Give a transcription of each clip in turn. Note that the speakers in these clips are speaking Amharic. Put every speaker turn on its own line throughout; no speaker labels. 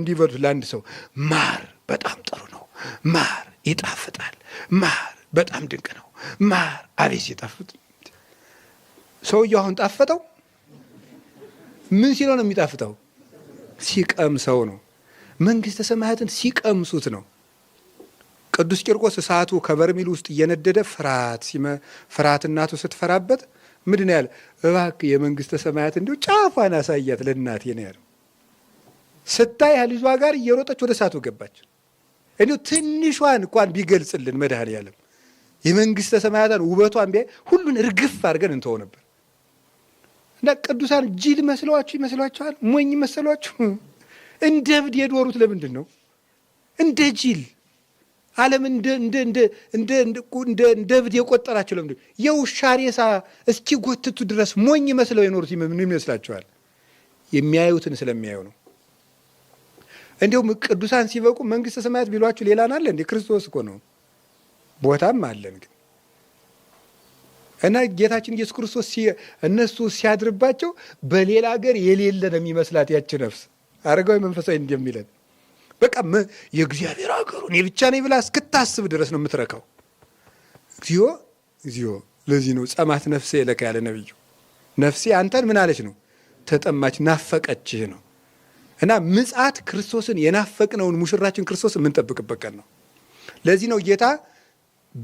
እንዲበሉት ለአንድ ሰው ማር በጣም ጥሩ ነው፣ ማር ይጣፍጣል፣ ማር በጣም ድንቅ ነው፣ ማር አቤት ሲጣፍጥ። ሰውየው አሁን ጣፈጠው? ምን ሲለው ነው የሚጣፍጠው? ሲቀምሰው ነው። መንግሥተ ሰማያትን ሲቀምሱት ነው። ቅዱስ ቂርቆስ እሳቱ ከበርሜል ውስጥ እየነደደ ፍርሃት ፍርሃት እናቱ ስትፈራበት ምንድን ነው ያለ? እባክህ የመንግሥተ ሰማያት እንዲሁ ጫፏን አሳያት ለእናቴ ነው ያለው። ስታይ ልጇ ጋር እየሮጠች ወደ እሳቱ ገባች። እንዲሁ ትንሿን እንኳን ቢገልጽልን መድኃኔዓለም የመንግሥተ ሰማያትን ውበቷን ቢያ ሁሉን እርግፍ አድርገን እንተው ነበር እና ቅዱሳን ጅል መስለዋችሁ ይመስሏችኋል? ሞኝ መስሏችሁ? እንደ እብድ የኖሩት ለምንድን ነው? እንደ ጅል ዓለም እንደ እብድ የቆጠራቸው ለምንድን ነው? የውሻ ሬሳ እስኪጎትቱ ድረስ ሞኝ መስለው የኖሩት ይመስላችኋል? የሚያዩትን ስለሚያዩ ነው። እንዲሁም ቅዱሳን ሲበቁ መንግስተ ሰማያት ቢሏችሁ ሌላን አለ እንደ ክርስቶስ እኮ ነው። ቦታም አለን ግን እና ጌታችን ኢየሱስ ክርስቶስ እነሱ ሲያድርባቸው በሌላ ሀገር የሌለ ነው የሚመስላት ያች ነፍስ። አረጋዊ መንፈሳዊ እንደሚለን በቃ የእግዚአብሔር ሀገሩ እኔ ብቻ ነኝ ብላ እስክታስብ ድረስ ነው የምትረካው። እግዚኦ እግዚኦ። ለዚህ ነው ጸማት ነፍሴ ለካ ያለ ነብዩ ነፍሴ አንተን ምን አለች ነው ተጠማች፣ ናፈቀችህ ነው እና ምጽአት ክርስቶስን የናፈቅነውን ሙሽራችን ክርስቶስ የምንጠብቅበት ቀን ነው። ለዚህ ነው ጌታ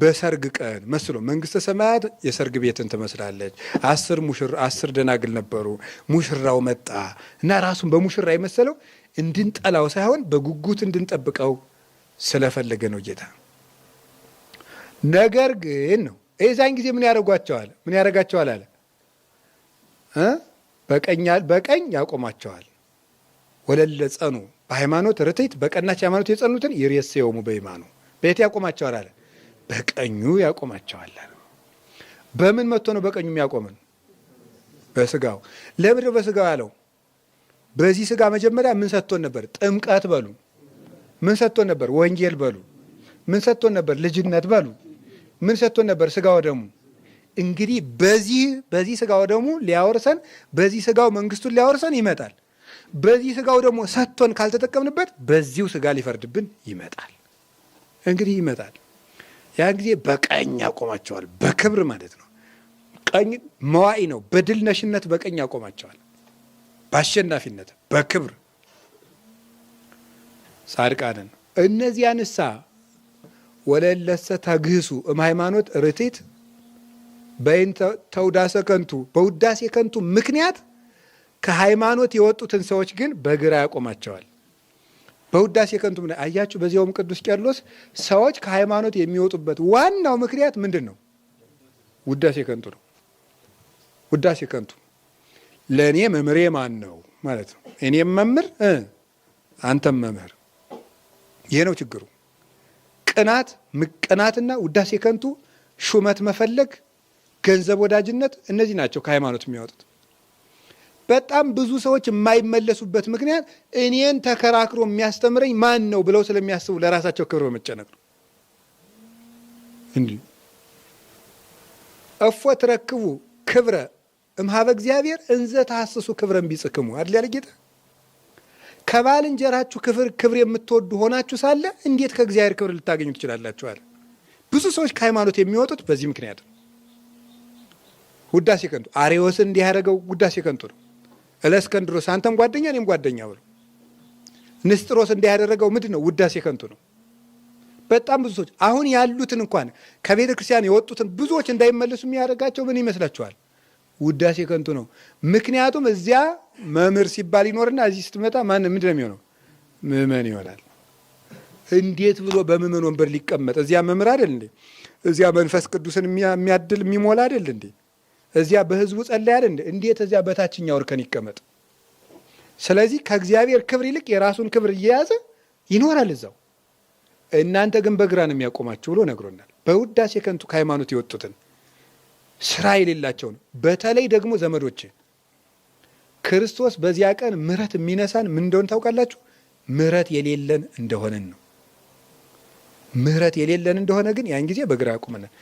በሰርግ ቀን መስሎ መንግስተ ሰማያት የሰርግ ቤትን ትመስላለች። አስር ሙሽራ አስር ደናግል ነበሩ፣ ሙሽራው መጣ እና ራሱን በሙሽራ የመሰለው እንድንጠላው ሳይሆን በጉጉት እንድንጠብቀው ስለፈለገ ነው ጌታ። ነገር ግን ነው የዛን ጊዜ ምን ያደርጓቸዋል? ምን ያደርጋቸዋል አለ በቀኝ ያቆማቸዋል ወለለ ጸኑ በሃይማኖት ርትት በቀናች ሃይማኖት የጸኑትን ይሬሰዮሙ በይማኑ በየት ያቆማቸዋል አለ። በቀኙ ያቆማቸዋል አለ። በምን መጥቶ ነው በቀኙ የሚያቆምን? በስጋው። ለምንድነው በስጋው ያለው? በዚህ ስጋ መጀመሪያ ምን ሰጥቶን ነበር? ጥምቀት በሉ። ምን ሰጥቶን ነበር? ወንጌል በሉ። ምን ሰጥቶን ነበር? ልጅነት በሉ። ምን ሰጥቶን ነበር? ስጋው ደሙ። እንግዲህ በዚህ በዚህ ስጋው ደሙ ሊያወርሰን በዚህ ስጋው መንግስቱን ሊያወርሰን ይመጣል። በዚህ ስጋው ደግሞ ሰጥቶን ካልተጠቀምንበት በዚሁ ስጋ ሊፈርድብን ይመጣል። እንግዲህ ይመጣል። ያን ጊዜ በቀኝ ያቆማቸዋል። በክብር ማለት ነው። ቀኝ መዋኢ ነው። በድል ነሽነት በቀኝ ያቆማቸዋል። በአሸናፊነት በክብር ጻድቃንን ንሳ ወለለሰ ተግህሱ እም ሃይማኖት ርቲት በይን ተውዳሰ ከንቱ በውዳሴ ከንቱ ምክንያት ከሃይማኖት የወጡትን ሰዎች ግን በግራ ያቆማቸዋል። በውዳሴ ከንቱ አያችሁ። በዚያውም ቅዱስ ቄርሎስ ሰዎች ከሃይማኖት የሚወጡበት ዋናው ምክንያት ምንድን ነው? ውዳሴ ከንቱ ነው። ውዳሴ ከንቱ ለእኔ መምሬ ማን ነው ማለት ነው። እኔም መምህር አንተም መምህር። ይህ ነው ችግሩ። ቅናት፣ ምቅናትና ውዳሴ ከንቱ፣ ሹመት መፈለግ፣ ገንዘብ ወዳጅነት፣ እነዚህ ናቸው ከሃይማኖት የሚያወጡት። በጣም ብዙ ሰዎች የማይመለሱበት ምክንያት እኔን ተከራክሮ የሚያስተምረኝ ማን ነው ብለው ስለሚያስቡ ለራሳቸው ክብር በመጨነቅ ነው። እንዲህ እፎ ትረክቡ ክብረ እምሃበ እግዚአብሔር እንዘ ታሐስሱ ክብረ ቢጽክሙ አድል ያለ ጌታ ከባልንጀራችሁ ክብር ክብር የምትወዱ ሆናችሁ ሳለ እንዴት ከእግዚአብሔር ክብር ልታገኙ ትችላላችኋል? ብዙ ሰዎች ከሃይማኖት የሚወጡት በዚህ ምክንያት ነው። ውዳሴ ከንቱ አሬዎስን እንዲህ ያደረገው ውዳሴ ከንቱ ነው። እለእስከንድሮስ አንተም ጓደኛ እኔም ጓደኛ ብሎ ንስጥሮስ እንዳያደረገው ያደረገው ምንድን ነው? ውዳሴ ከንቱ ነው። በጣም ብዙ ሰዎች አሁን ያሉትን እንኳን ከቤተ ክርስቲያን የወጡትን ብዙዎች እንዳይመለሱ የሚያደርጋቸው ምን ይመስላችኋል? ውዳሴ ከንቱ ነው። ምክንያቱም እዚያ መምህር ሲባል ይኖርና እዚህ ስትመጣ ማን ምንድን ነው የሚሆነው? ምእመን ይሆናል። እንዴት ብሎ በምእመን ወንበር ሊቀመጥ? እዚያ መምህር አይደል እንዴ? እዚያ መንፈስ ቅዱስን የሚያድል የሚሞላ አይደል እንዴ? እዚያ በህዝቡ ጸለይ አይደል? እንዴት እዚያ በታችኛው እርከን ይቀመጥ? ስለዚህ ከእግዚአብሔር ክብር ይልቅ የራሱን ክብር እየያዘ ይኖራል እዛው። እናንተ ግን በግራ ነው የሚያቆማችሁ ብሎ ነግሮናል። በውዳሴ ከንቱ ከሃይማኖት የወጡትን ስራ የሌላቸውን በተለይ ደግሞ ዘመዶች ክርስቶስ በዚያ ቀን ምሕረት የሚነሳን ምን እንደሆን ታውቃላችሁ? ምሕረት የሌለን እንደሆነን ነው። ምሕረት የሌለን እንደሆነ ግን ያን ጊዜ በግራ ያቆመናል።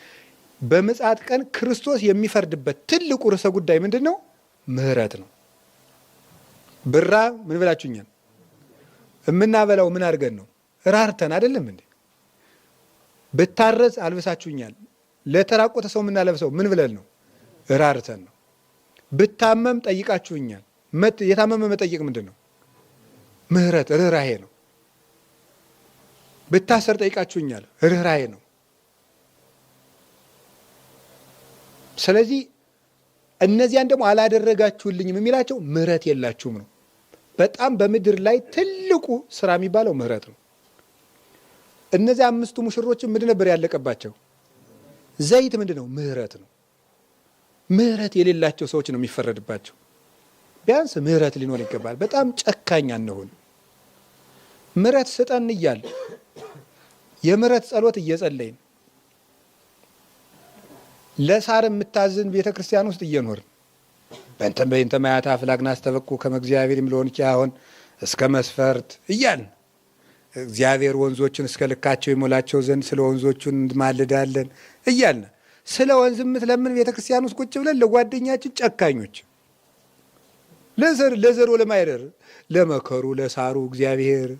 በምጽአት ቀን ክርስቶስ የሚፈርድበት ትልቁ ርዕሰ ጉዳይ ምንድን ነው? ምህረት ነው። ብራ ምን ብላችሁኛል? የምናበላው ምን አድርገን ነው? ራርተን አይደለም እንዴ? ብታረዝ አልብሳችሁኛል። ለተራቆተ ሰው የምናለብሰው ምን ብለን ነው? ራርተን ነው። ብታመም ጠይቃችሁኛል። የታመመ መጠየቅ ምንድን ነው? ምህረት ርኅራሄ ነው። ብታሰር ጠይቃችሁኛል። ርኅራሄ ነው። ስለዚህ እነዚያን ደግሞ አላደረጋችሁልኝም የሚላቸው ምሕረት የላችሁም ነው። በጣም በምድር ላይ ትልቁ ስራ የሚባለው ምሕረት ነው። እነዚህ አምስቱ ሙሽሮችን ምንድን ነበር ያለቀባቸው? ዘይት ምንድን ነው? ምሕረት ነው። ምሕረት የሌላቸው ሰዎች ነው የሚፈረድባቸው። ቢያንስ ምሕረት ሊኖር ይገባል። በጣም ጨካኝ አንሆን። ምሕረት ስጠን እያል የምሕረት ጸሎት እየጸለይን ለሳር የምታዝን ቤተ ክርስቲያን ውስጥ እየኖርን በእንተን በእንተ ማያት አፍላግና አስተበቁ ከመ እግዚአብሔር የሚለሆን አሁን እስከ መስፈርት እያልን እግዚአብሔር ወንዞችን እስከ ልካቸው ይሞላቸው ዘንድ ስለ ወንዞቹን እንማልዳለን እያልን ስለ ወንዝ የምትለምን ቤተ ክርስቲያን ውስጥ ቁጭ ብለን ለጓደኛችን ጨካኞች ለዘር ለዘሮ ለማይደር ለመከሩ ለሳሩ እግዚአብሔር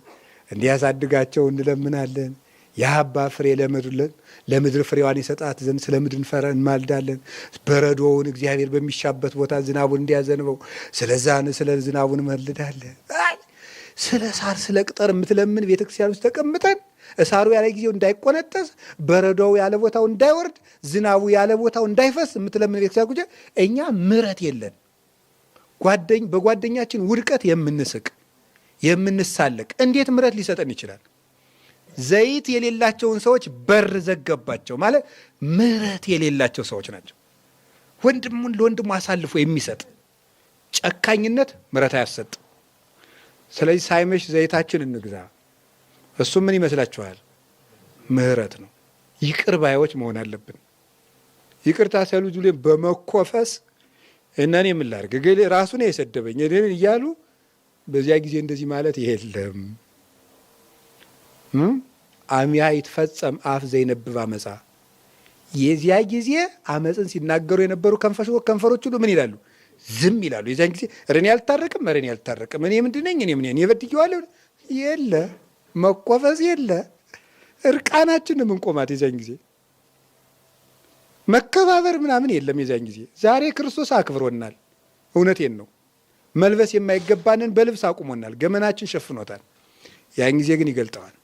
እንዲያሳድጋቸው እንለምናለን። የሀባ ፍሬ ለምድለን ለምድር ፍሬዋን ይሰጣት ዘንድ ስለ ምድር እንማልዳለን። በረዶውን እግዚአብሔር በሚሻበት ቦታ ዝናቡን እንዲያዘንበው ስለዛን ስለ ዝናቡን እመልዳለን። ስለ ሳር ስለ ቅጠር የምትለምን ቤተክርስቲያን ውስጥ ተቀምጠን እሳሩ ያለ ጊዜው እንዳይቆነጠስ በረዶው ያለ ቦታው እንዳይወርድ ዝናቡ ያለ ቦታው እንዳይፈስ የምትለምን ቤተክርስቲያን ጉጃ እኛ ምረት የለን ጓደኝ በጓደኛችን ውድቀት የምንስቅ የምንሳለቅ እንዴት ምረት ሊሰጠን ይችላል? ዘይት የሌላቸውን ሰዎች በር ዘገባቸው ማለት ምረት የሌላቸው ሰዎች ናቸው። ወንድሙን ለወንድሙ አሳልፎ የሚሰጥ ጨካኝነት ምረት አያሰጥ ስለዚህ ሳይመሽ ዘይታችን እንግዛ። እሱ ምን ይመስላችኋል? ምህረት ነው። ይቅር ባዮች መሆን አለብን። ይቅርታ ሲያሉ በመኮፈስ እነኔ የምላርግ ራሱን የሰደበኝ እያሉ በዚያ ጊዜ እንደዚህ ማለት የለም። አሚያ ይትፈጸም አፍ ዘይነብብ አመፃ የዚያ ጊዜ አመፅን ሲናገሩ የነበሩ ከንፈሮች ሁሉ ምን ይላሉ? ዝም ይላሉ። የዚያን ጊዜ እኔ አልታረቅም፣ እኔ አልታረቅም፣ እኔ ምንድነኝ፣ እኔ ምን የበድየዋለሁ የለ መቆፈዝ የለ እርቃናችን የምንቆማት የዚያን ጊዜ መከባበር ምናምን የለም። የዚያን ጊዜ ዛሬ ክርስቶስ አክብሮናል። እውነቴን ነው። መልበስ የማይገባንን በልብስ አቁሞናል። ገመናችን ሸፍኖታል። ያን ጊዜ ግን ይገልጠዋል።